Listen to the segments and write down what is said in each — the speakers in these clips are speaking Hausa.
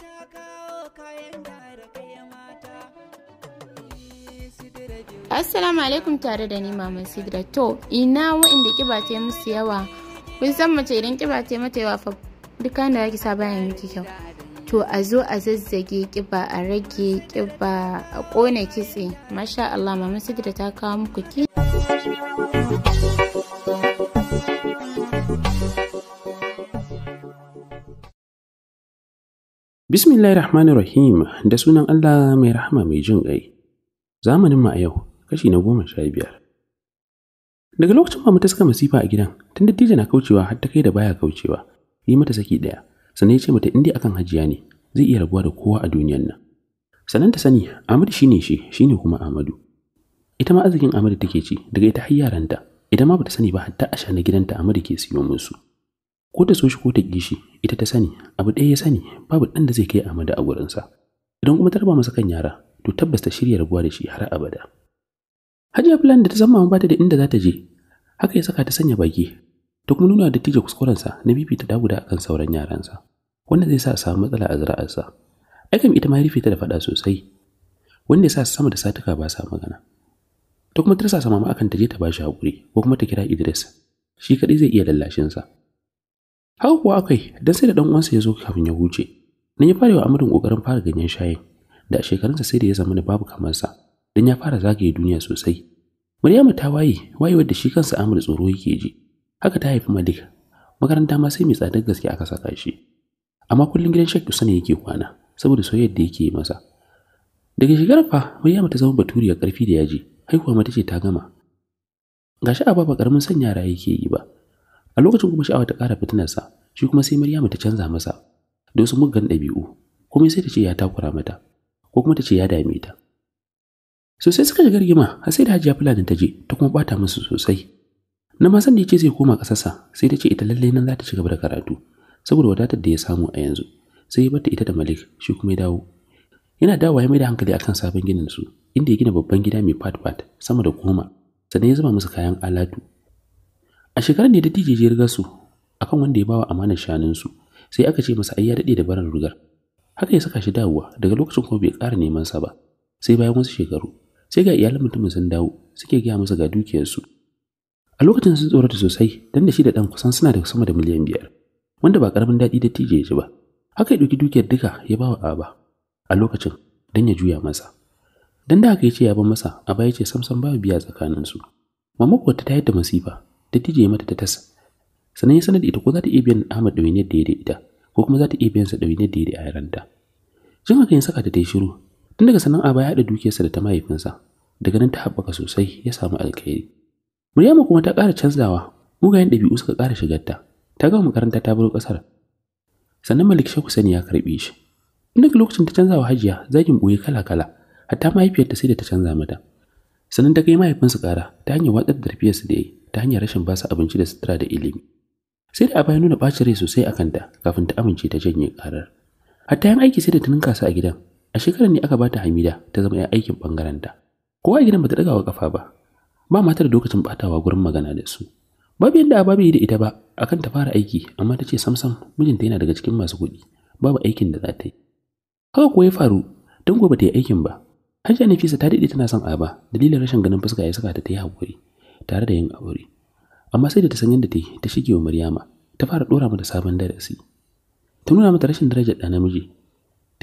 ta Assalamu alaikum tare da ni Maman Sidra to ina wa'inda kiba ta musu yawa kun san mace idan kiba ta mata yawa fa duka da zaki sa bayan miki kyau to a zo a zazzage kiba a rage kiba a kone kitse masha Allah Maman Sidra ta kawo muku ki Bismillahirrahmanirrahim da sunan Allah mai rahama mai jin ƙai. Zamanin ma a yau kashi na goma sha biyar. Daga lokacin ba ta suka masifa a gidan, tun dattijo na kaucewa har ta kai da baya kaucewa, yi mata saki ɗaya, sannan ya ce mata inda akan hajiya ne, zai iya rabuwa da kowa a duniyan nan. Sannan ta sani, Amadu shine shi, shi ne kuma ahmadu. Ita ma arzikin Amadu take ci, daga ita har yaranta, ita ma bata sani ba hatta a na gidanta Amadu ke siyo musu. ko ta soshi ko ta kishi, ita ta sani abu ɗaya ya sani babu ɗan da zai kai amada a gurinsa idan kuma ta raba masa kan yara to tabbas ta shirya rabuwa da shi har abada hajiya fulani da ta san mama bata da inda za ta je haka ya saka ta sanya baki ta kuma nuna da tije kuskurensa na bibi bibita da akan sauran yaransa wanda zai sa a samu matsala a zira'arsa aikan ita ma ya rufe ta da faɗa sosai wanda ya sa sama da satuka ba sa magana ta kuma tirsa sama ma akan ta je ta bashi haƙuri ko kuma ta kira Idris shi kaɗai zai iya lallashinsa haka kuwa akai dan sai da dan uwansa ya zo kafin ya huce nan ya fara wa amurin kokarin fara ganyen shayin da a shekarunsa sai da ya zama babu kamar sa dan ya fara zagaye duniya sosai Maryamu ta waye waye wadda shi kansa Amir tsoro yake ji haka ta haifi Malik makaranta ma sai mai tsadar gaske aka saka shi amma kullun gidan Sheikh Usman yake kwana saboda soyayyar da yake masa daga shigar fa Maryamu ta zama baturiya karfi da yaji haihuwa mata ce ta gama gashi a baba karamin sanya yara yake yi ba a lokacin kuma sha'awa ta ƙara fitinarsa shi kuma sai Maryamu ta canza masa da wasu muggan ɗabi'u kuma sai ta ce ya takura mata ko kuma ta ce ya dame ta so sai suka shiga rigima har sai da Hajiya Fulani ta je ta kuma bata musu sosai na ma san da yace zai koma ƙasarsa sai ta ce ita lalle nan za ta ci gaba da karatu saboda wadatar da ya samu a yanzu sai ya bata ita da Malik shi kuma ya dawo yana dawowa ya mai da hankali akan sabon ginin su inda ya gina babban gida mai fat fat sama da goma sannan ya zama musu kayan alatu a shekarar da ya riga su akan wanda ya bawa amanar shanunsu sai aka ce masa ai ya daɗe da barar rugar haka ya saka shi dawowa daga lokacin kuma bai kara neman sa ba sai bayan wasu shekaru sai ga iyalan mutumin sun dawo suke gaya masa ga dukiyarsu a lokacin sun tsorata sosai dan da shi da dan kusan suna da sama da miliyan biyar wanda ba karamin daɗi da tije ya ji ba haka ya ɗauki dukiyar duka ya bawa aba a lokacin dan ya juya masa dan da haka ya ce ya bar masa aba ya ce samsam babu biya tsakaninsu mamako ta tayar da masifa dattijo ya mata ta tas Sanan ya sanar da ita ko za ta iya biyan Ahmad ɗawainiyar yadda ya da ita ko kuma za ta iya biyan sa ɗawainiyar yadda ya da yaranta jin haka ya saka ta ta shiru tun daga sannan Aba ya haɗa dukiyarsa da ta mahaifinsa daga nan ta haɓaka sosai ya samu alkhairi Muryama kuma ta ƙara canzawa mugayen ɗabi'u suka ƙara shigarta ta gama makaranta ta baro ƙasar sannan Malik Shehu Sani ya karɓe shi daga lokacin ta canzawa Hajiya zagin ɓoye kala-kala hatta mahaifiyarta sai da ta canza mata sannan ta kai mahaifinsu ƙara ta hanyar watsar da tafiyarsu da yi ta hanyar rashin ba su abinci da sutura da ilimi sai da baya nuna ɓacin rai sosai a kanta kafin ta amince ta janye ƙarar ta tayan aiki sai da ta ninka su a gidan a shekarar ne aka bata hamida ta zama yan aikin bangaren ta kowa a gidan bata ɗaga wa kafa ba ba mata da lokacin batawa gurin magana da su babu yadda a babu yi da ita ba akan ta fara aiki amma ta ce samsam mijinta yana daga cikin masu kuɗi babu aikin da za ta yi haka kuwa ya faru don gobe ta yi aikin ba Hajiya Nafisa ta daɗe tana son aba dalilin rashin ganin fuska ya saka ta ta yi tare da yin aure. Amma sai da ta san yadda ta yi, ta shige wa Maryama, ta fara ɗora mata sabon darasi. Ta nuna mata rashin darajar da namiji,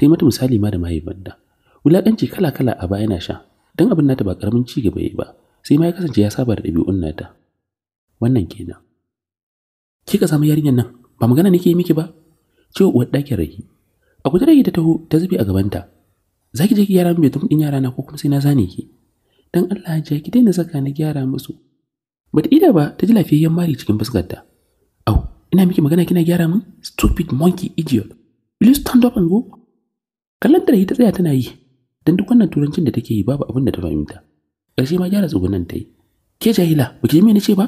ta yi mata misali ma da mahaifanta. Wulaƙanci kala-kala a baya yana sha, don abin nata ba ƙaramin ci gaba ya ba, sai ma ya kasance ya saba da ɗabi'un nata. Wannan kenan. Kika samu yarinyar nan, ba magana nake yi miki ba? Ciwo uwar ɗakin rahi. A guje ta taho ta zube a gabanta, za ki je ki gyara min bedroom ɗin yara na ko kuma sai na zane ki dan Allah hajiya ki daina saka na gyara musu bata ida ba ta ji lafiyayyen mari cikin fuskarta au ina miki magana kina gyara min stupid monkey idiot will you stand up and go kalantar ta tsaya tana yi dan duk wannan turancin da take yi babu abin da ta fahimta ƙarshe ma gyara tsugunan ta yi ke jahila ba ki ji me ce ba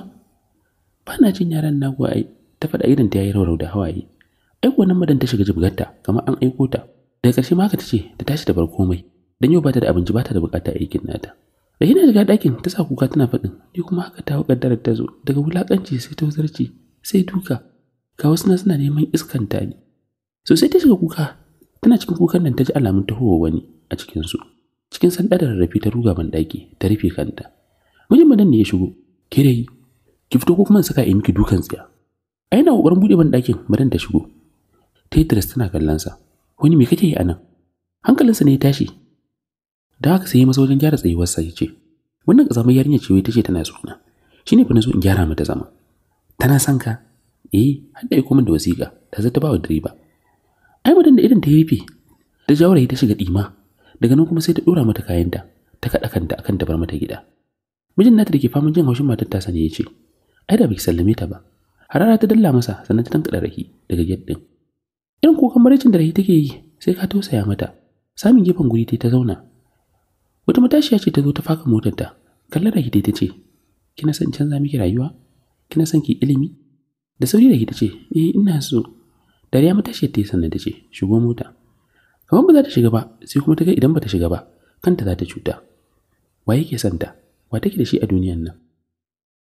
ba na jin yaran na ai ta faɗa idan ta yi raurau da hawaye ai kuwa nan madan ta shiga jibgarta kamar an aiko ta daga ƙarshe ma haka tace ta tashi da bar mai dan yau bata da abinci bata da bukata aikin nata rahina daga ɗakin ta sa kuka tana faɗin ni kuma haka ta ƙaddarar ta zo daga wulakanci sai tauzarci sai duka ga wasu suna neman iskan ta ne so sai ta shiga kuka tana cikin kukan nan ta ji alamun tahowa wani a cikin su cikin sanda da rarrafi ta ruga ban ɗaki ta rufe kanta mijin madan ne ya shigo ke dai ki fito ko kuma saka yi miki dukan tsiya a yana kokarin buɗe ban ɗakin madan ta shigo tetris tana kallon sa wani me kake yi anan hankalinsa ne ya tashi da haka sai ya masa wajen gyara tsayuwarsa ya ce wannan ƙazamar yarinya ce ta ce tana suna shi ne fa na so in gyara mata zama tana son ka eh har da ya da wasiƙa ta zata ba wa direba ai mutum da irin ta yafi ta jawarai ta shiga ɗima daga nan kuma sai ta ɗora mata kayanta ta kaɗa kanta akan ta bar mata gida mijin nata da ke faman jin haushin matar ta sani ya ce ai da baki sallame ta ba harara ta dalla masa sannan ta tankaɗa rahi daga gate ɗin Yan kukan maraicin da rahi take yi sai ka tausaya mata. Samun gefen guri ta zauna. Wata matashiya ce ta zo ta faka motarta. Kallon rahi ta ce, Kina son canza miki rayuwa? Kina son ki ilimi? Da sauri rahi ta ce, Eh ina so. Dariya matashiyar ta yi sannan ta ce, Shigo mota. Kamar ba za ta shiga ba, sai kuma ta ga idan ba ta shiga ba, kanta za ta cuta. Wa yake son ta? Wa take da shi a duniyan nan?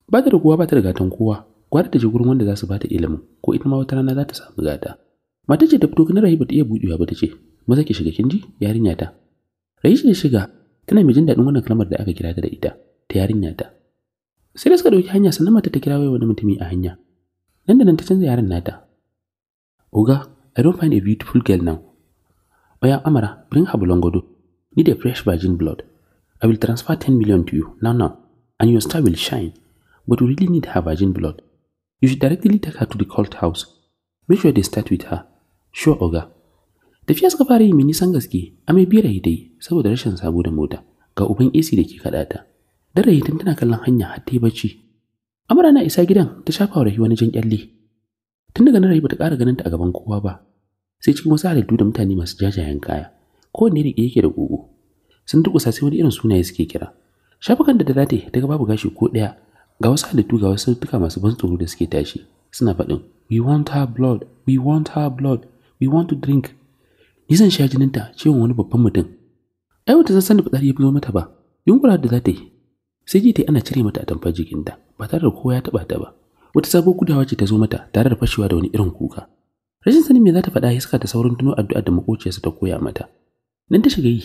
Ba ta da kowa ba ta da gatan kowa, gwada ta je gurin wanda za su ba ta ilimin, ko ita ma wata rana za ta samu gata. Mata ce ta fito kanar Rahi bata iya buɗewa ba ta ce, maza ki shiga kin ji yarinya ta. Rahi ce shiga tana mai jin daɗin wannan kalmar da aka kira ta da ita ta yarinya ta. Sai da suka ɗauki hanya sannan mata ta kira wani mutumi a hanya. Nan da nan ta canza yaran nata. Oga, I don't find a beautiful girl now. Oya Amara, bring her Bolongodo. Need a fresh virgin blood. I will transfer 10 million to you now now, and your star will shine. But we really need her virgin blood. You should directly take her to the cult house. Make sure they start with her sho oga. Tafiya suka fara yi mai nisan gaske, amai bira dai saboda rashin sabo da mota, ga uban AC da ke kaɗata. ta. Dare tana kallon hanya har ta yi bacci. Amara na isa gidan ta shafa wa wani jan kyalle. Tun daga nan ba ta ƙara ganin ta a gaban kowa ba. Sai cikin wasu halittu da mutane masu jajayen kaya, kowanne riƙe yake da ƙugu. Sun durƙusa sai wani irin sunaye suke kira. Shafukan da da date daga babu gashi ko ɗaya ga wasu halittu ga wasu sautuka masu ban tsoro da suke tashi suna faɗin we want her blood we want her blood we want to drink ni zan sha ta cewa wani babban mutum ai wata sassan da fitsari ya fito mata ba yunkura da za ta yi sai ji ta ana cire mata a tamfar jikinta ba tare da kowa ya taba ta ba wata sabuwar gudawa ce ta zo mata tare da fashewa da wani irin kuka rashin sanin me za ta faɗa ya saka ta saurin tuno addu'a da makociyarsa ta koya mata nan ta shiga yi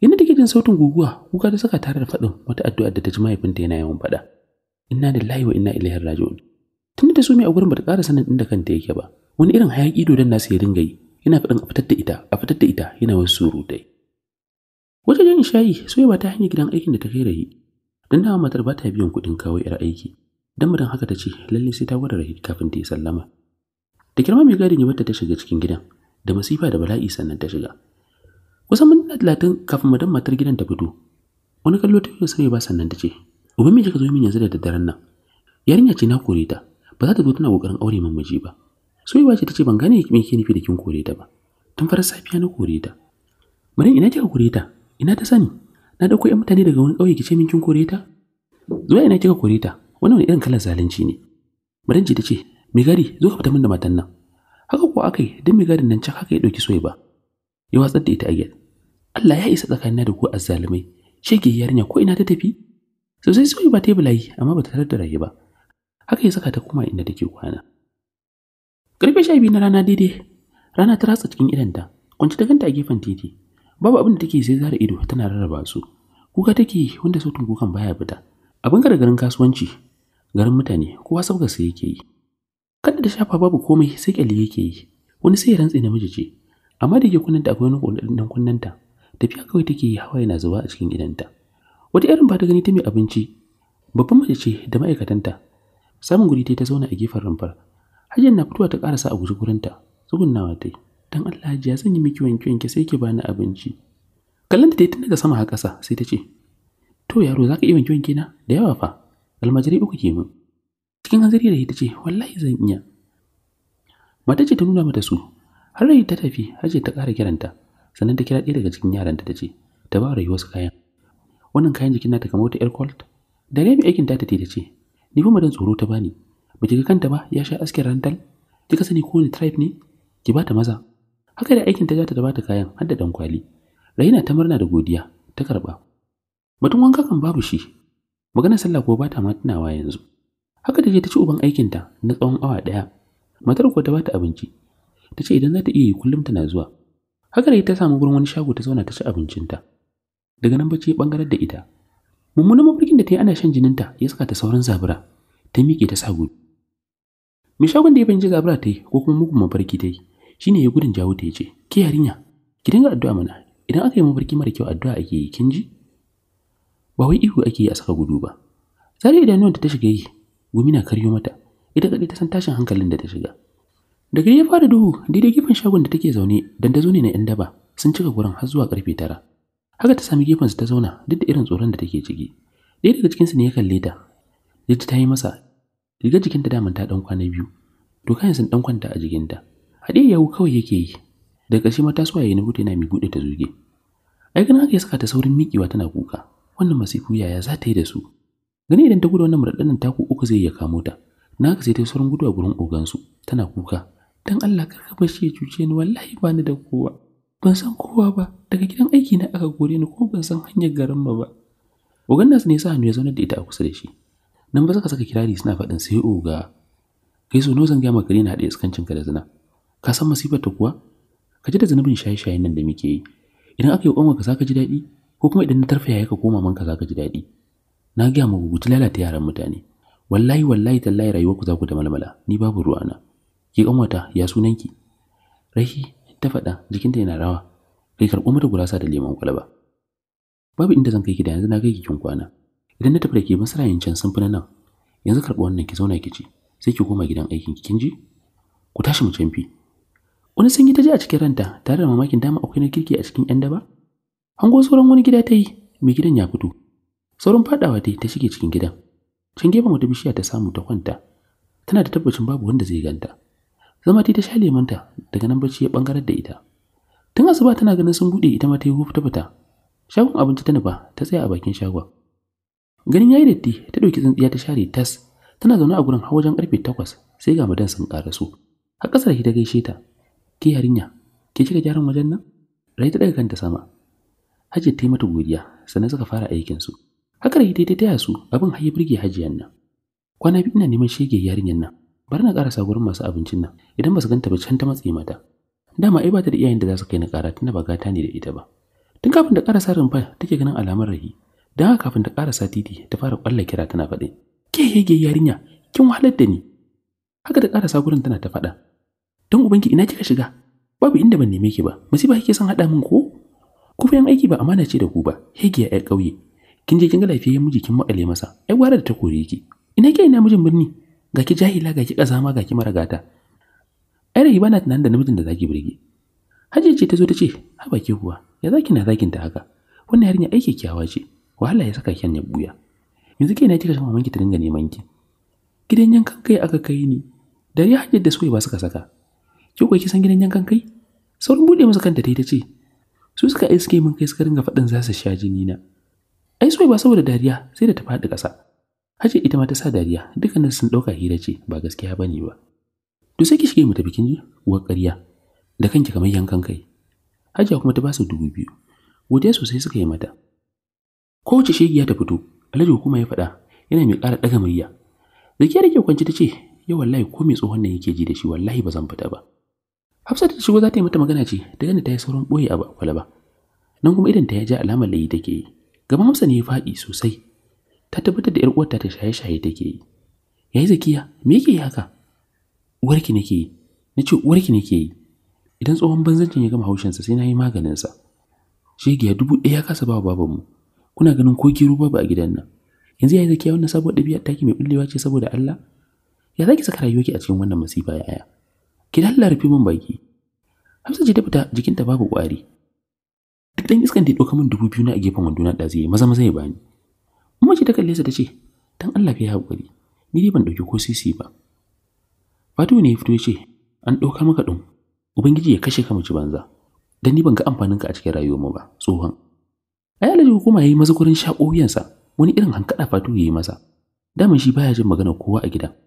yadda take jin sautin guguwa kuka ta saka tare da faɗin wata addu'a da ta ji mahaifinta yana yawan faɗa inna lillahi wa inna ilaihi raji'un tunda ta so mai a gurin bata ƙara sanin inda kanta yake ba wani irin hayaki dodon nasu ya dinga yi yana faɗin a fitar da ita a fitar da ita yana wasu surutai wata jan shayi soya ba ta hanyar gidan aikin da ta kai rahi don dama matar ba ta biyan kuɗin kawo yar aiki dan mudan haka ta ce lalle sai ta gwada rahi kafin ta yi sallama da kirma mai gadin ne bata ta shiga cikin gidan da masifa da bala'i sannan ta shiga kusan mintuna talatin kafin madan matar gidan ta fito wani kallo ta yi sai ba sannan ta ce Uba me kika zo min yanzu da daddaren nan yarinya ce na kore ta ba za ta zo tana kokarin aure min ba Soyayya ce ta ce ban gane me ke nufi da kin kore ta ba. Tun farar safiya na kore ta. Maryam ina kika kore ta? Ina ta sani? Na dauko ƴan mutane daga wani ƙauye ki ce min kin kore ta? Zuwa ina kika kore ta? Wannan wani irin kalar zalunci ne. Maryam ce ta ce, "Me gari, zo ka fita min da matan nan." Haka kuwa akai, dan me garin nan can haka ya dauki ba. Ya watsar da ita a Allah ya isa tsakanina da ku azzalumai. Shege yarinya ko ina ta tafi? Sosai soyi ba ta yi bala'i amma ba ta tarar da rayu ba. Haka ya saka ta kuma inda take kwana. Karfe sha biyu na rana daidai, rana ta ratsa cikin idanta, kwanci ta ganta a gefen titi. Babu abin da take sai zara ido tana rarraba su. Kuka take wanda sautin kukan baya fita. Abin gara garin kasuwanci, garin mutane, kowa sabga sai yake yi. Kada da shafa babu komai sai kyalli yake yi. Wani sai ya rantse namiji ce, amma da ke kunnanta akwai wani ɗan kunnanta. Tafiya kawai take yi hawa yana zuba a cikin idanta. Wata irin ba ta gani ta mai abinci, babban mace ce da ma'aikatanta. Samun guri ta zauna a gefen rumfar hajiyar na fitowa ta ƙarasa a guji gurinta, tsugunnawa ta yi. Don Allah jiya, zan yi miki wanke wanke sai ki bani abinci. Kallanta ta yi tun daga sama har ƙasa sai ta ce, To yaro za ka iya wanke wanke na da yawa fa, almajirai uku ke min. Cikin hanzari da ita ce, Wallahi zan iya. Mata ce ta nuna mata su, har rai ta tafi hajiyar ta ƙara kiranta, sannan ta kira ɗaya daga cikin yaran ta ce, Ta ba rayuwa su kayan. Wannan kayan jikin nata kamar wata 'yar colt. Da rami aikin ta ta ce, Ni kuma don tsoro ta bani, ba ki ga kanta ba ya sha askin rantal kika sani ko kowane tribe ne ki bata maza haka da aikin ta ja da bata kayan har da dankwali raina ta murna da godiya ta karba mutum wanka kan babu shi magana sallah ko bata ma tunawa yanzu haka da ta ci uban aikin ta na tsawon awa daya matar ko ta bata abinci ta ce idan za ta iya yi kullum tana zuwa haka da ta samu gurin wani shago ta zauna ta ci abincinta daga nan bacci bangaren da ita mummunan mafarkin da ta yi ana shan jininta ya saka ta sauran zabura ta miƙe ta sa gudu mai shagon da ya fahimci zabura ta yi ko kuma mugun mafarki ta yi shi ne ya gudun jawo ta ya ce ke yarinya ki dinga addu'a mana idan aka yi mafarki mara kyau addu'a ake yi kin ji ba wai ihu ake yi a saka gudu ba zare idanuwanta ta shiga yi gumi na karyo mata ita kaɗai ta san tashin hankalin da ta shiga da ya fara duhu daidai gefen shagon da take zaune dan ta zo ne na yan daba sun cika gurin har zuwa karfe tara haka ta sami gefen su ta zauna duk da irin tsoron da take ciki ɗaya daga cikinsu ne ya kalle ta ta yi masa riga jikinta daman ta ɗan kwana biyu to kayan sun ɗan kwanta a jikinta haɗe yawo kawai yake yi daga ƙarshe matasuwa ya nubuta yana mi buɗe ta zuge ai ganin haka ya saka ta saurin miƙewa tana kuka wannan masifu yaya za ta yi da su gani idan ta gudu wannan nan taku uku zai iya kamo ta na haka sai ta saurin gudu a gurin ogansu tana kuka dan Allah kar ka bashi ya cuce ni wallahi ba ni da kowa ban san kowa ba daga gidan aiki na aka gore ni ko ban san hanyar garin ba ogan nasu ne sa hannu ya zauna da ita a kusa da shi nan ba za ka saka kirari suna faɗin sai oga kai so zan gaya maka na haɗe iskancin ka da zina ka san masifar ta kuwa ka ji da zanubin shaye shaye nan da muke yi idan aka yi ƙwanwa ka ka ji daɗi ko kuma idan na ya yi ka koma manka ka ji daɗi na gaya ma gugutu lalata yaran mutane wallahi wallahi tallahi rayuwar ku za ku da malmala ni babu ruwa na. ki ƙanwata ya sunan ki? rahi ta faɗa jikinta yana rawa kai karɓo mata gurasa da lemon kwalaba. babu inda zan kai ki da yanzu na kai ki kin kwana idan na tafi da ke masarayin can sun fi na nan yanzu karɓi wannan ki zauna ki ci sai ki koma gidan aikin kin ji ku tashi mu canfi wani sanyi ta ji a cikin ranta tare da mamakin dama akwai na kirki a cikin yan daba hango sauran wani gida ta yi mai gidan ya fito sauran faɗawa ta yi ta shige cikin gidan can gefen wata bishiya ta samu ta kwanta tana da tabbacin babu wanda zai ganta zama ta ta sha lemanta daga nan bacci ya bangarar da ita tun asuba tana ganin sun buɗe ita ma ta yi hufu ta fita shagon abinci ta nufa ta tsaya a bakin shagon ganin yayi datti ta dauki tsintsiya ta share tas tana zaune a gurin har wajen karfe 8 sai ga madan sun karaso har kasar ta gaishe ta ke yarinya ke kika gyaran wajen nan rai ta daga kanta sama hajji ta yi mata godiya sannan suka fara aikin su hakar hita ta taya su abin har ya burge hajiyan nan kwana biyu ina neman shege yarinyan nan bari na karasa gurin masu abincin nan idan ba su ganta ba can ta matse mata dama ai ba ta da iyayen da za su kai na kara tunda ba gata ne da ita ba tun kafin da karasa rumfa take ganin alamar rahi don haka kafin ta ƙarasa titi ta fara ƙwallon kira tana faɗi ke hege yarinya kin wahalar da ni haka ta ƙarasa gurin tana ta faɗa don ubanki ina kika shiga babu inda ban neme ki ba musiba kike son haɗa min ko ku fa aiki ba amana ce da ku ba hege ya ƙauye kin je kin ga lafiyayyen miji kin makale masa ai gwara da ta kore ki ina ke ina mijin birni ga ki jahila ga ki kazama ga ki maragata ai rahi bana tunan da namijin da zaki birge hajiya ce ta zo ta ce ha baki kuwa ya zaki na zakin ta haka wannan yarinya aiki kyawa ce wahala ya saka kyan ya buya yanzu ke na cika shan mamanki ta dinga neman ki gidan yankan kai aka kai ni ya hajjar da suke ba suka saka ki koyi kisan gidan yankan kai saurin buɗe masa kanta ta ce su suka iske min kai suka ringa faɗin za su sha jini na ai soyi ba saboda dariya sai da ta faɗi kasa. hace ita ma ta sa dariya dukkanin sun ɗauka hira ce ba gaskiya bane ba to sai ki shige mu tafi kin ji uwar ƙarya da kanki kamar yankan kai hajiya kuma ta ba su dubu biyu godiya sosai suka yi mata kowace shegiya ta fito alhaji hukuma ya faɗa yana mai ƙara ɗaga murya rike rike ke kwanci ta ce ya wallahi ko mai tsohon nan yake ji da shi wallahi ba zan fita ba hafsat ta shigo za ta yi mata magana ce da gani ta yi sauran ɓoye a kwalaba. ba nan kuma idan ta ya ja alamar layi take yi gaban hafsa ne ya faɗi sosai ta tabbatar da yar uwarta ta shaye-shaye take yi yayi zakiya me yake yi haka uwarki nake yi na ce uwarki nake yi idan tsohon banzancin ya gama haushinsa sai na yi maganinsa shegiya dubu ɗaya ya kasa ba babanmu kuna ganin ko ki babu a gidan nan yanzu yayi zakiya wannan sabuwar ɗabi'a taki mai bullewa ce saboda Allah ya zaki saka rayuwarki a cikin wannan masifa ya aya ki dalla rufe min baki hamsa ji ta fita jikinta babu kwari duk dan iskan da doka ɗauka min dubu biyu na a gefen wando na ɗazi maza maza ya bani amma ce ta kalle sa ta ce dan Allah ka yi haƙuri ni dai ban dauki ko sisi ba Fatu ne ya fito ya ce an ɗauka maka ɗin Ubangiji ya kashe ka mu ci banza dan ni ban ga amfaninka a cikin rayuwarmu ba tsohon ai alhaji hukuma yayi maza gurin shaƙo wuyansa wani irin hankada fatu ya yi masa daman shi baya jin magana kowa a gida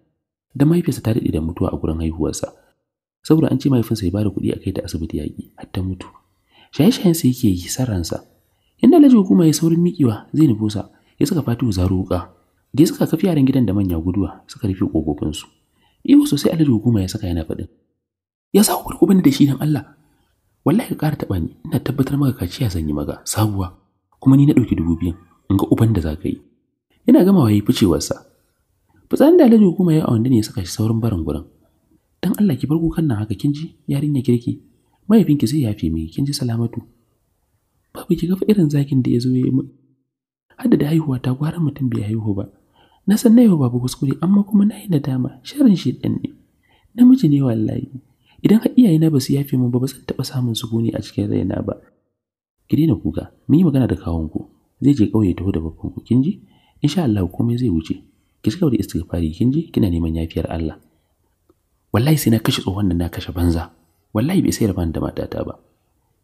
da mahaifinsa ta daɗe da mutuwa a gurin haihuwarsa saboda an ce mahaifinsa ya bada kuɗi a kai ta asibiti yaƙi har ta mutu shaye-shayensa shayen yake yi sarransa inda alhaji hukuma ya saurin miƙewa zai sa ya saka fatu zaro wuƙa da ya saka kafi yaran gidan da manya guduwa suka rufe ƙofofinsu ihu sosai alhaji hukuma ya saka yana faɗin ya sa kurkubin da shi dan Allah wallahi ka ƙara taɓa ni ina tabbatar maka kaciya zan yi maka sabuwa kuma ni na ɗauki dubu biyan in ga uban da za ka yi yana gamawa ya yi ficewarsa fitsarin da alhaji hukuma ya a wanda ne ya saka shi saurin barin gurin dan Allah ki bar kukan nan haka kin ji yarinya kirki mahaifinki zai yafe mai kin ji salamatu babu ki ga irin zakin da ya zo ya yi min hadda da haihuwa ta gwara mutum bai haihu ba na san nayi babu kuskure amma kuma na yi nadama sharin shi ɗan ne namiji ne wallahi idan har iyaye na ba su yafe mu ba ba zan taɓa samun sukuni a cikin raina ba ki daina kuka mun yi magana da kawunku zai je ta taho da ku kin ji insha Allah komai zai wuce ki cika da istighfari kin ji kina neman yafiyar Allah wallahi sai na kashe tsohon da na kashe banza wallahi bai sai rabani da matata ba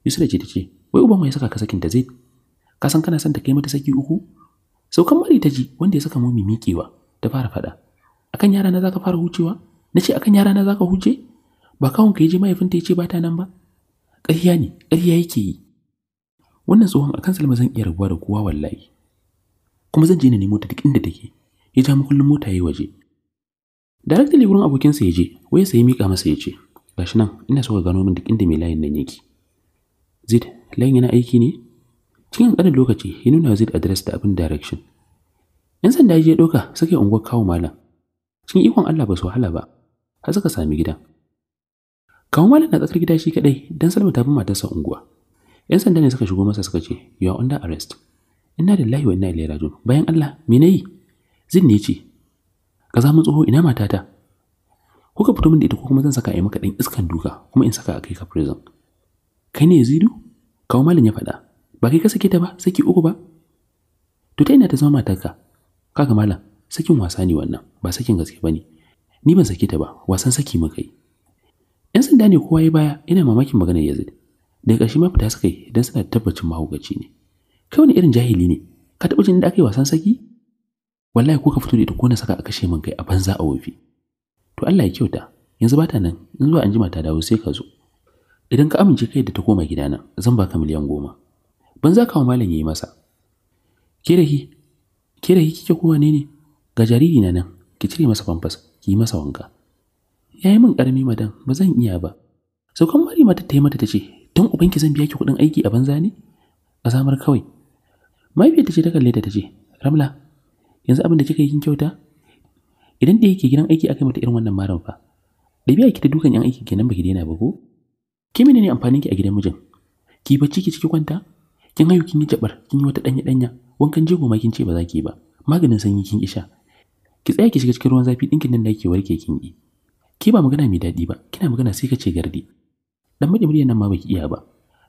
Yusra ce ta ce. wai uban mai saka ka sakin ta zai ka san kana son ta kai mata saki uku saukan mari ta ji wanda ya saka mu miƙewa ta fara faɗa akan yara na zaka fara hucewa Na ce akan yara na zaka huce ba kawun ka je mahaifinta ya ce ba ta nan ba ƙarya ne ƙarya yake yi wannan tsohon akan Salma zan iya rabuwa da kowa wallahi kuma zan je na nemo ta duk inda take ya ja makullin mota yi waje ne wurin sa ya je waya sai mika masa ya ce gashi nan ina so ka gano min duk inda mai layin nan yake Zid layin yana aiki ne cikin ƙarin lokaci ya nuna Zid address da abin direction yan sanda ya je doka suka yi unguwar kawo malam cikin ikon Allah ba su wahala ba har suka sami gidan kawo malam na tsakar gida shi kadai dan Salma ta bi matarsa unguwa 'Yan sanda ne suka shigo masa suka ce, You are under arrest. Inna da wa ina ilaihi raji'un. Bayan Allah, me na yi? Zin ne ce, Ka za mu tsoho ina matata. Kuka fito min da ita ko kuma zan saka a yi maka ɗan iskan duka kuma in saka a kai ka prison. Kai ne Yazidu? Kawo malin ya faɗa. Ba kai ka sake ta ba, saki uku ba. To ta ina ta zama matarka? Kaga malam, sakin wasa ne wannan, ba sakin gaske ba ne. Ni ban sake ta ba, wasan saki muka yi. ‘Yan sanda ne kowa ya baya, ina mamakin maganar Yazid. daga ƙarshe ma fita suka yi don suna tabbacin mahaukaci ne kai wani irin jahili ne ka taɓa jin da aka yi wasan saki wallahi ko ka fito da ita ko na saka a kashe min kai a banza a wofi to Allah ya kyauta yanzu bata nan in zuwa anjima ta dawo sai ka zo idan ka amince kai da ta koma gidana zan baka miliyan goma ban za ka wa malam yayi masa ke da ke da kike ko wane ne ga jariri na nan ki cire masa famfas ki yi masa wanka yayi min karami madan ba zan iya ba saukan mari mata ta yi mata ta ce don ubanki zan biya ki kuɗin aiki a banza ne a zamar kawai mahaifiyar ta ce ta da ta ce ramla yanzu abin da kika yi kin kyauta idan da yake gidan aiki aka mata irin wannan maran fa da biya ki ta dukan yan aiki kenan baki daina ba ko ki menene amfanin ki a gidan mijin ki bacci ki ciki kwanta kin hayu kin yi jabar kin yi wata danya danya wankan jego ma kin ce ba za ki ba maganin sanyi kin isha ki tsaya ki shiga cikin ruwan zafi dinkin nan da yake warke kin yi ki ba magana mai daɗi ba kina magana sai ka ce gardi dan miji miji nan ma baki iya ba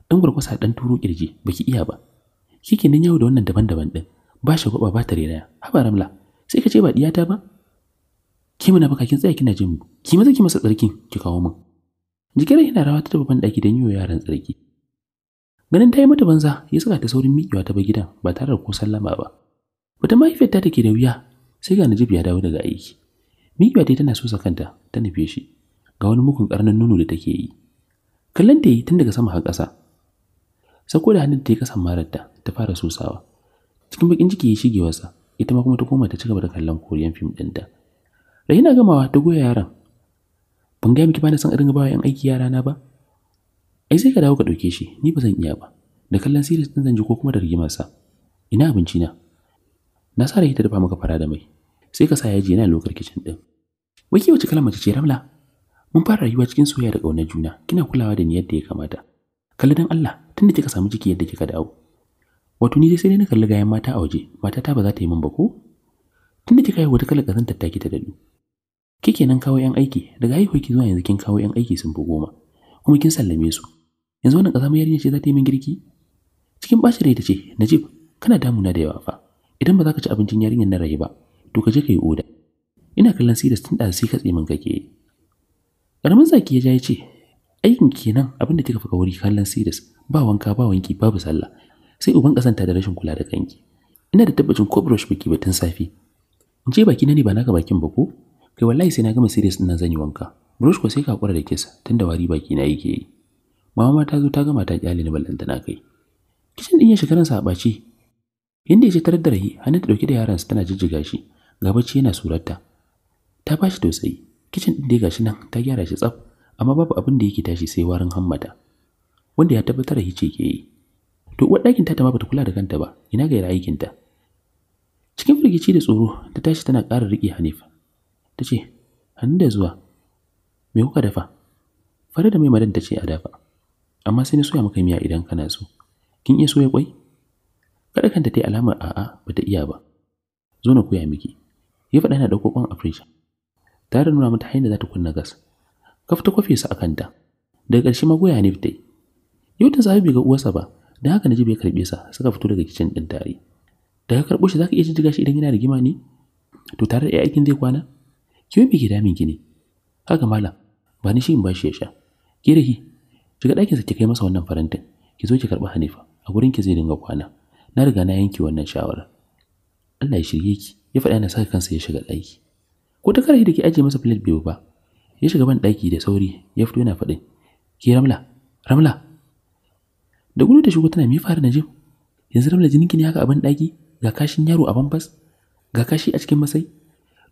dan gwarkwasa dan turo kirji baki iya ba kike nan yawo da wannan daban-daban din ba shi gwaba ba ta rena haba ramla sai ka ce ba diyata ba ki muna baka kin tsaya kina jin mu ki maza ki masa tsarkin ki kawo min jikin yana rawa ta babban daki dan yiwo yaran tsarki ganin ta yi mata banza ya saka ta saurin miƙewa ta ba gidan ba tare da ko sallama ba wata mahaifiyar ta take da wuya sai ga Najib ya dawo daga aiki miƙewa dai tana so kanta ta nufe shi ga wani mukun karnan nono da take yi kallon ta yi tun daga sama har ƙasa sako da hannun ta yi ƙasan mararta ta fara sosawa cikin bakin ciki ya shige wasa ita ma kuma ta koma ta cigaba da kallon koriyan fim ɗin ta. Rai rahina gamawa ta goya yaron ban gaya miki bani san a dinga bawa yan aiki yara na ba ai sai ka dawo ka ɗauke shi ni ba zan iya ba da kallon siris ɗin zan ji ko kuma da rigimarsa ina abinci na na sa ta dafa maka fara da mai sai ka sa yaji yana lokar kicin ɗin wai ke wace kalan mace ce ramla Mun fara rayuwa cikin soyayya da ƙaunar juna, kina kulawa da ni yadda ya kamata. Kalli dan Allah, tunda kika samu ciki yadda kika dawo. Wato ni dai sai dai na kalli gayan mata a waje, Mata ta ba za ta yi min ba ko? Tunda kika yi wata kalli ƙazantar take ta dadu. Kike nan kawo 'yan aiki, daga haihuwa ki zuwa yanzu kin kawo 'yan aiki sun fi goma, kuma kin sallame su. Yanzu wannan ƙazamar yarinya ce za ta yi min girki? Cikin bashi rai ta ce, Najib, kana damuna da yawa fa. Idan ba za ka ci abincin yarinyar na rayu ba, to ka je ka yi oda. Ina kallon Sidas tun da sai ka tsimin kake. Ƙaramin zaki ya ja ya ce, Aikin kenan abin da kika fi wuri kallon sirius ba wanka ba wanki babu sallah, sai uban ta da rashin kula da kanki. Ina da tabbacin ko brush baki ba tun safe. In ce baki na ne ba naka bakin ba ko? Kai wallahi sai na gama Sidis ina zan yi wanka. Brush ko sai ka kura da kisa tunda wari baki na yake yi. Mama ma ta zo ta gama ta kyale ni ballanta na kai. Kishin din ya shiga ransa a Inda ya ce tarar da rahi, hannun ta dauke da yaransa tana jijjiga shi, gaba ci yana surarta. Ta bashi tausayi, kicin ɗin dai gashi nan ta gyara shi tsaf amma babu abin da yake tashi sai warin hammata wanda ya tabbatar da hice ke yi to uwar ɗakin ta ma bata kula da kanta ba ina ga aikin ta cikin firgici da tsoro ta tashi tana ƙara riƙe Hanif ta ce hannu da zuwa me kuka dafa fara da mai madan ta ce a dafa amma sai na soya maka miya idan kana so kin iya soya kwai kada kanta ta yi alamar a'a bata iya ba zo na koya miki ya faɗa na ɗauko kwan a fridge tare nuna mata hanyar da za ta kunna gas ka fita kwafe su a kanta daga ƙarshe magoya ne fitai yau ta zabi bai ga uwarsa ba da haka Najib ya karɓe sa suka fito daga kicin ɗin tare daga karɓo shi za ka iya jijjiga shi idan yana da gima ne to tare da aikin zai kwana ki me ke damin ki ne haka malam ba ni shi in bashi ya sha ki rahi shiga ɗakin sa ki kai masa wannan farantin ki zo ki karɓi Hanifa a gurin ki zai dinga kwana na riga na yanke wannan shawarar. Allah ya shirye ki ya faɗa na saka kansa ya shiga ɗaki ko ta karhi da ke aje masa plate biyu ba ya shiga ban daki da sauri ya fito yana faɗin Ke ramla ramla da gudu da shigo tana mi fara najib yanzu ramla jinin ki ne haka a ban ga kashin yaro a bambas ga kashi a cikin masai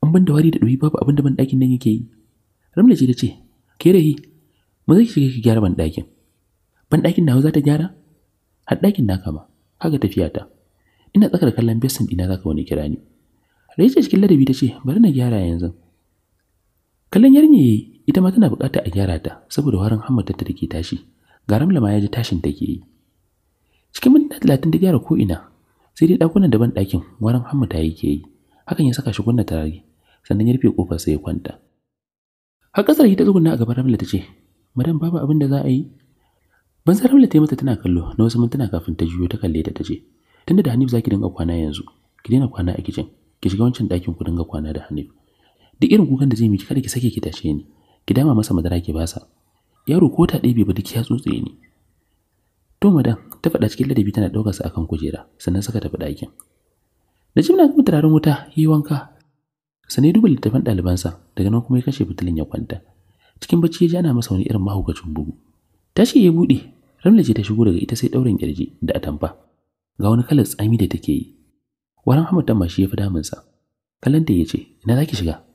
an ban da wari da ɗoyi babu abin da ban dakin nan yake yi ramla ce ta ce ke rahi mu zai shiga ki gyara ban dakin ban dakin nawa za ta gyara har ɗakin na kama haka tafiya ta ina tsakar kallon bestin ina zaka wani kira ni Rachel cikin ladabi ta ce, bari na gyara yanzu. Kallon yarinya yi, ita ma tana bukata a gyara ta saboda warin hammata ta take tashi. Garam lama ya ji tashin ke yi. Cikin mintuna talatin da gyara ko'ina, sai dai ɗakunan daban ɗakin warin hammata yake yi. Hakan ya saka shi kunna tarari, sannan ya rufe kofar sai ya kwanta. Har ƙasar ta tsuguna a gaban Ramla ta ce, Madam babu abin da za a yi, ban san Ramla ta yi mata tana kallo na wasu mintuna kafin ta juyo ta kalle ta ta ce tunda da Hanif zaki dinga kwana yanzu ki daina kwana a kicin ki shiga wancan ɗakin ku dinga kwana da Hanif duk irin kukan da zai miki kada ki sake ki tashe ni ki dama masa madara ki basa yaro ko ta ɗebe ba duk ya tsotse ni to madan ta faɗa cikin ladabi tana ɗaukar sa akan kujera sannan suka tafi ɗakin Najib na kuma turaren wuta yi wanka sane duba littafin ɗalibansa daga nan kuma ya kashe fitilin ya kwanta cikin bacci ya jana masa wani irin mahaukacin bugu tashi ya buɗe ramla ce ta shigo daga ita sai ɗaurin kirji da atamfa ga wani kalar tsami da take yi waran Ahmad dan shi ya fi damunsa kallon ta ce, ina zaki shiga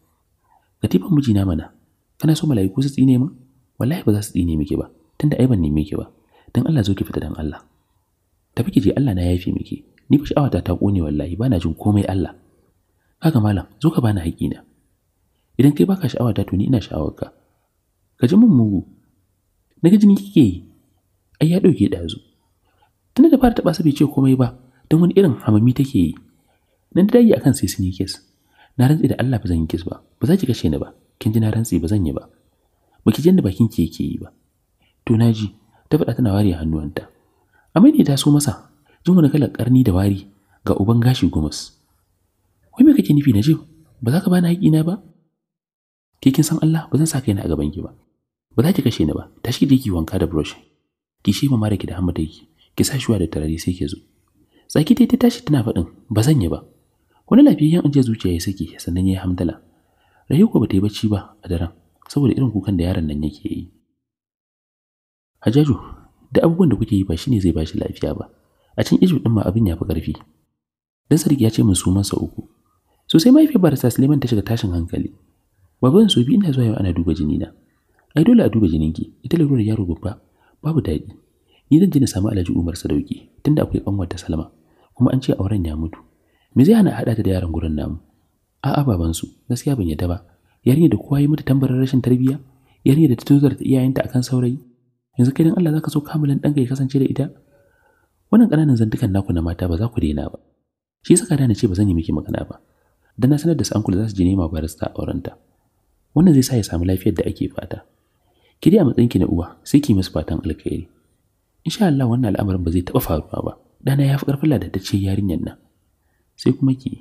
katifan mijina mana kana so mala'iku su tsine min wallahi ba za su tsine miki ba tanda ai ban neme ki ba dan Allah zo ki fita dan Allah tafi ki je Allah na yafe miki ni ba sha'awata ta kone wallahi bana jin komai Allah Kaga malam zo ka bani haƙina idan kai baka sha'awata to ni ina sha'awarka ka ji min mugu na ga jini kike yi ai ya dauke dazu tunda da fara taba sabi ce komai ba don wani irin hamami take yi nan a akan sai sun yi kes na rantsi da Allah ba zan yi kes ba ba za ki kashe ni ba kin ji na rantsi ba zan yi ba ba ki da bakin ki yake yi ba to na ji ta faɗa tana ware hannuwanta amma ne ta so masa jin wani kalar karni da wari ga uban gashi gumus wai me kake nufi na ji ba za ka bani na ba ke kin san Allah ba zan sa kaina a gaban ki ba ba za ki kashe ni ba tashi ki wanka da brush ki shi ma mara ki da hamma ki ki sa shuwa da tarare sai ki zo tsaki ta tashi tana faɗin ba zan yi ba wani lafiyayyen ajiya zuciya ya saki sannan ya yi hamdala Rahiko ba bata yi bacci ba a daren saboda irin kukan da yaron nan yake yi hajaju da abubuwan da kuke yi ba shine zai bashi lafiya ba a cikin ijib ɗin ma abin ya fi ƙarfi dan sarki ya ce min su masa uku sosai mahaifiyar barista Suleiman ta shiga tashin hankali baban su bi ina zuwa yau ana duba jini na ai dole a duba jininki ita lalurar yaro babba babu daɗi ni zan je na samu Alhaji Umar Sadauki tunda akwai kanwar ta Salma kuma an ce auren ya mutu me zai hana haɗa ta da yaran gurin namu a babansu gaskiya ban yadda ba Yarinyar da kowa yi mata tambarin rashin tarbiyya Yarinyar da ta tozar ta iyayenta akan saurayi yanzu kai dan Allah zaka so kamilan ɗanka ya kasance da ita wannan ƙananan zantukan naku na mata ba za ku daina ba shi saka da na ce ba zan yi miki magana ba dan na sanar da su kula za su je nema barista a aurenta wannan zai sa ya samu lafiyar da ake fata ki dai a matsayinki na uwa sai ki musu fatan alkhairi insha Allah wannan al'amarin ba zai taɓa faruwa ba dana ya fi ƙarfin da yarinyar nan sai kuma ki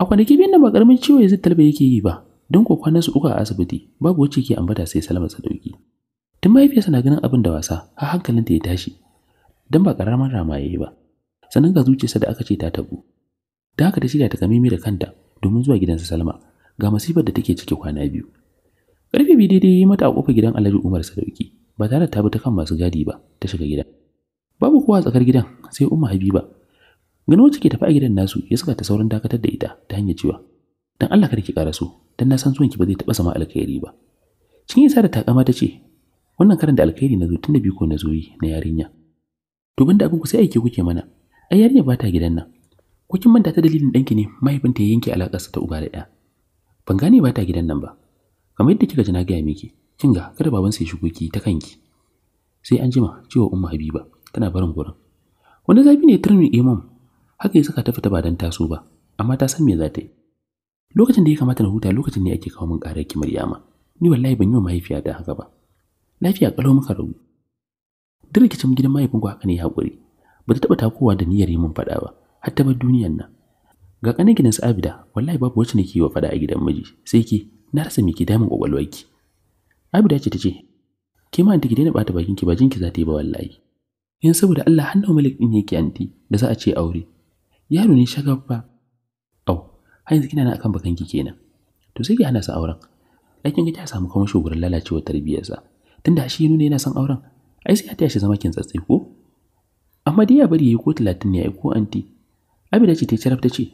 a kwanaki biyan nan ba karamin ciwo yanzu talba yake yi ba don ko kwana su uku a asibiti babu wacce ke ambata sai salama sadauki tun mahaifiyarsa na ganin abin da wasa har hankalinta ya tashi don ba karamar rama ya ba sannan ga zuciyarsa da aka ce ta tabu da haka ta shirya ta kamimi da kanta domin zuwa gidansa salama ga masifar da take ciki kwana biyu karfe biyu daidai yi mata a kofar gidan alhaji umar sadauki ba tare da ta ta kan masu gadi ba ta shiga gidan babu kowa a tsakar gidan sai umma habiba gani wacce ke tafi a gidan nasu ya saka ta saurin dakatar da ita ta hanyar cewa dan Allah kada ki ƙara so dan na san zuwan ki ba zai taɓa zama alkhairi ba. Cikin isa da takama ta ce wannan karin da alkhairi na zo tun da biko na zo yi na yarinya. To banda abin ku sai aike kuke mana ai yarinya ba ta gidan nan. Ko kin manta ta dalilin danki ne mahaifinta ya yanke alakarsa ta uba da ɗaya. Ban gane ba ta gidan nan ba. Kamar yadda kika ji na gaya miki kin ga kada babansa ya shigo ki ta kanki. sai an jima cewa umma habiba tana barin gurin Wani zafi ne turmi imam eh, haka ya saka ta fita ba don taso ba amma ta san me za ta yi lokacin da ya kamata na huta lokacin ne ake kawo min ƙarar ki Maryama ni wallahi ban yi wa mahaifiya da haka ba lafiya ƙalau muka rabu duk rikicin gidan mahaifinku haka ne hakuri ba ta taɓa takowa da niyyar yi min faɗa ba har ta bar duniyar nan ga kanin gidan Abida wallahi babu wacce nake wa faɗa a gidan miji sai ki na rasa me ke damun ki Abida ce ta ce ke ma ki daina bata bakin ki ba jinki za ta yi ba wallahi in saboda Allah hannu malik din yake anti da za a ce aure yaro ne shagab ba au har yanzu kina nan akan bakan ki kenan to sai ki hana sa auren lakin ki ta samu kamar shugaban lalacewar sa. tunda shi nuna yana son auren ai sai ya tashi zama kin tsatsai ko amma dai ya bari yayi ko 30 ne ai ko anti abida ce ta carab ta ce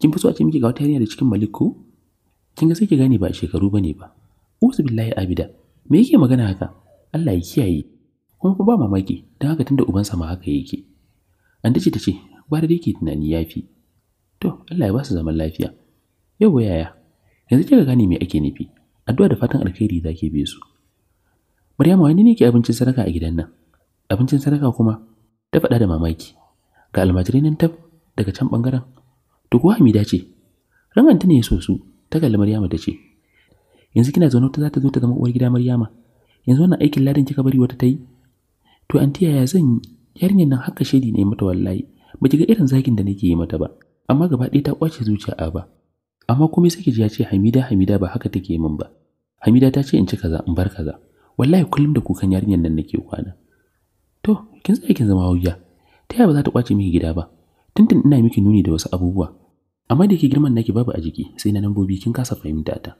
kin fi so a ce miki ga wata yarinya da cikin malik ko kin ga sai ki gane ba shekaru bane ba usu billahi abida me yake magana haka Allah ya kiyaye kuma ba mamaki don haka tunda ubansa ma haka yake an dace ta ce gwara da yake tunani ya fi to Allah ya ba su zaman lafiya yau yaya yanzu kika gane me ake nufi addu'a da fatan alkhairi za ke bi su Maryamu wani ne ke abincin sadaka a gidan nan abincin sadaka kuma ta faɗa da mamaki ga almajirai nan tab daga can ɓangaren. to kuwa Hamida ce ranganta ne ya so su ta kalli Maryama ta ce yanzu kina zaune ta za ta zo ta zama uwar gida Maryama yanzu wannan aikin ladan kika bari wata ta yi to anti yaya zan yarinyar nan haka shedi ne mata wallahi ba ki ga irin zagin da nake yi mata ba amma gaba ɗaya ta kwace zuciya a ba amma komai sai ki ji ya ce Hamida Hamida ba haka take min ba Hamida ta ce in ci kaza in bar kaza wallahi kullum da kukan yarinyar nan nake kwana to kin tsaya kin zama hauya ta yaya ba za ta kwace miki gida ba tuntun ina miki nuni da wasu abubuwa amma da yake girman nake babu a jiki sai na nambobi kin kasa fahimta ta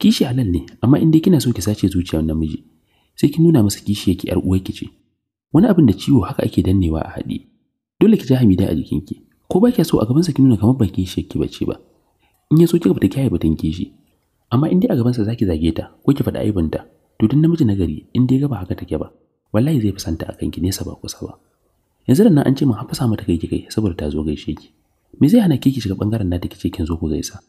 kishi halal ne amma in dai kina so ki sace zuciyar namiji sai kin nuna masa kishi yake yar ki ce wani abin da ciwo haka ake dannewa a haɗe dole ki ja Hamida a jikinki ko ba kya so a gabansa ki nuna kamar baki shi ki bace ba in ya so ki kika bata kiyaye batun kishi amma in dai a gaban gabansa zaki zage ta ko ki faɗi ta to dan namiji na gari in dai gaba haka take ba wallahi zai fusanta a kanki nesa ba kusa ba yanzu da nan an ce mun hafasa mata kai kai saboda ta zo gaishe ki me zai hana ki ki shiga bangaren nata ce kin zo ku gaisa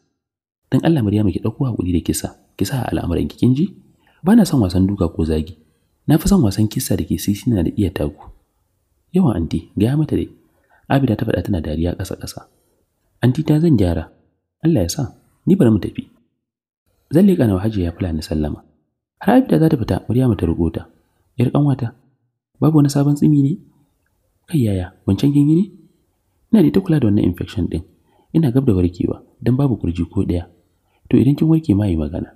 dan Allah Maryama ki dauko hakuri da kisa kisa a al'amuran ki kin ji ba na son wasan duka ko zagi na fi son wasan kisa da ke na da iya taku yawa anti gaya mata dai Abida ta faɗa tana dariya ƙasa-ƙasa. Anti ta zan gyara. Allah ya sa, ni bari mu tafi. Zan leƙa na hajiya ya fulani sallama. Har Abida za ta fita, Maryama ta rugo ta. ‘Yar ƙanwata, babu wani sabon tsimi ne? Kai yaya, wancan kin ne? Ina da ita kula da wannan infection ɗin. Ina gab da warkewa, don babu kurji ko ɗaya. To idan kin warke ma yi magana.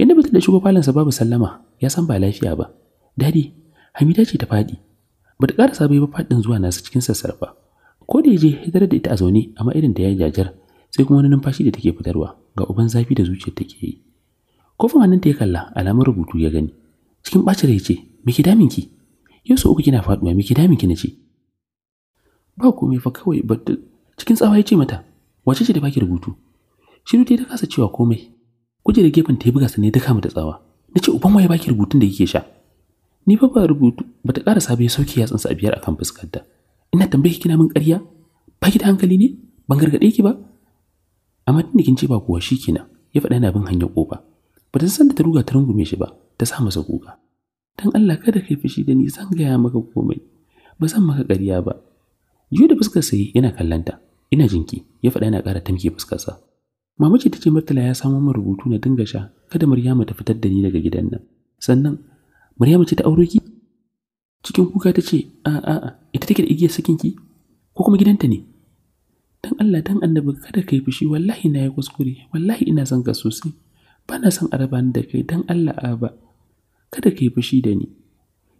Yadda mutum da shigo falansa babu sallama, ya san ba lafiya ba. Dadi, Hamida ce ta faɗi. Bata ta ƙara ba faɗin zuwa nasa cikin sassar ba, ko da ya je da ita a zaune amma irin da ya jajar sai kuma wani numfashi da take fitarwa ga uban zafi da zuciyar take yi kofin ta ya kalla alamar rubutu ya gani cikin ɓacin rai ce me damin ki yau uku kina faɗuwa me ki damin ki na ce ba komai fa kawai ba cikin tsawa ya ce mata wace ce da baki rubutu shiru ta kasa cewa komai kuje da gefen ta ya buga sa ne duka mata tsawa na ce uban waye baki rubutun da kike sha ni fa ba rubutu bata ƙara bai sauki ya tsansa biyar akan fuskarta ina tambaye kina min ƙarya ba ki da hankali ne ban gargaɗe ki ba amma tunda kin ce ba kuwa shi kina. ya faɗa yana bin hanyar ƙofa bata san da ta ruga ta rungume shi ba ta sa masa kuka dan Allah kada kai fushi da ni zan gaya maka komai ba zan maka ƙarya ba yau da fuskar sai yana kallanta ina jinki ya faɗa yana ƙara tamke fuskarsa mamaci ta ce Murtala ya samo min rubutu na dinga sha kada Maryama ta fitar da ni daga gidan nan sannan Maryam ce ta aure ki? Cikin kuka ta ce, a a a, ita take da igiyar sakin ki? Ko kuma gidanta ne? Dan Allah dan annabi kada kai fushi wallahi na yi kuskure wallahi ina son ka sosai bana na son a raba ni da kai dan Allah a ba. kada kai fushi da ni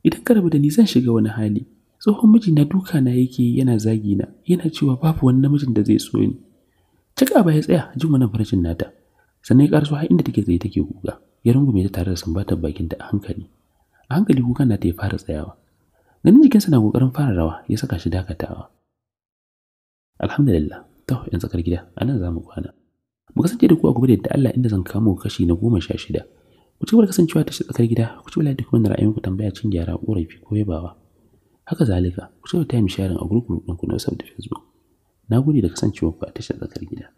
idan ka rabu da ni zan shiga wani hali tsohon miji na duka na yake yana zagi na yana cewa babu wani namijin da zai so ni cika ba ya tsaya jin wannan farcin nata sannan ya karso har inda take zai take kuka ya rungume ta tare da sumbatar bakin da hankali a hankali kukan na ta fara tsayawa ganin jikinsa na kokarin fara rawa ya saka shi dakatawa alhamdulillah to yan tsakar gida a nan za mu kwana mu kasance da ku a gobe da yadda Allah inda zan kamo kashi na goma sha shida ku ci kasancewa ta tsakar gida ku ci wala da kuma ku tambaya cin gyara korafi ko yabawa haka zalika ku ci ta yi misharin a gurgurun ɗinku na WhatsApp da Facebook na gode da kasancewa ku a tashar tsakar gida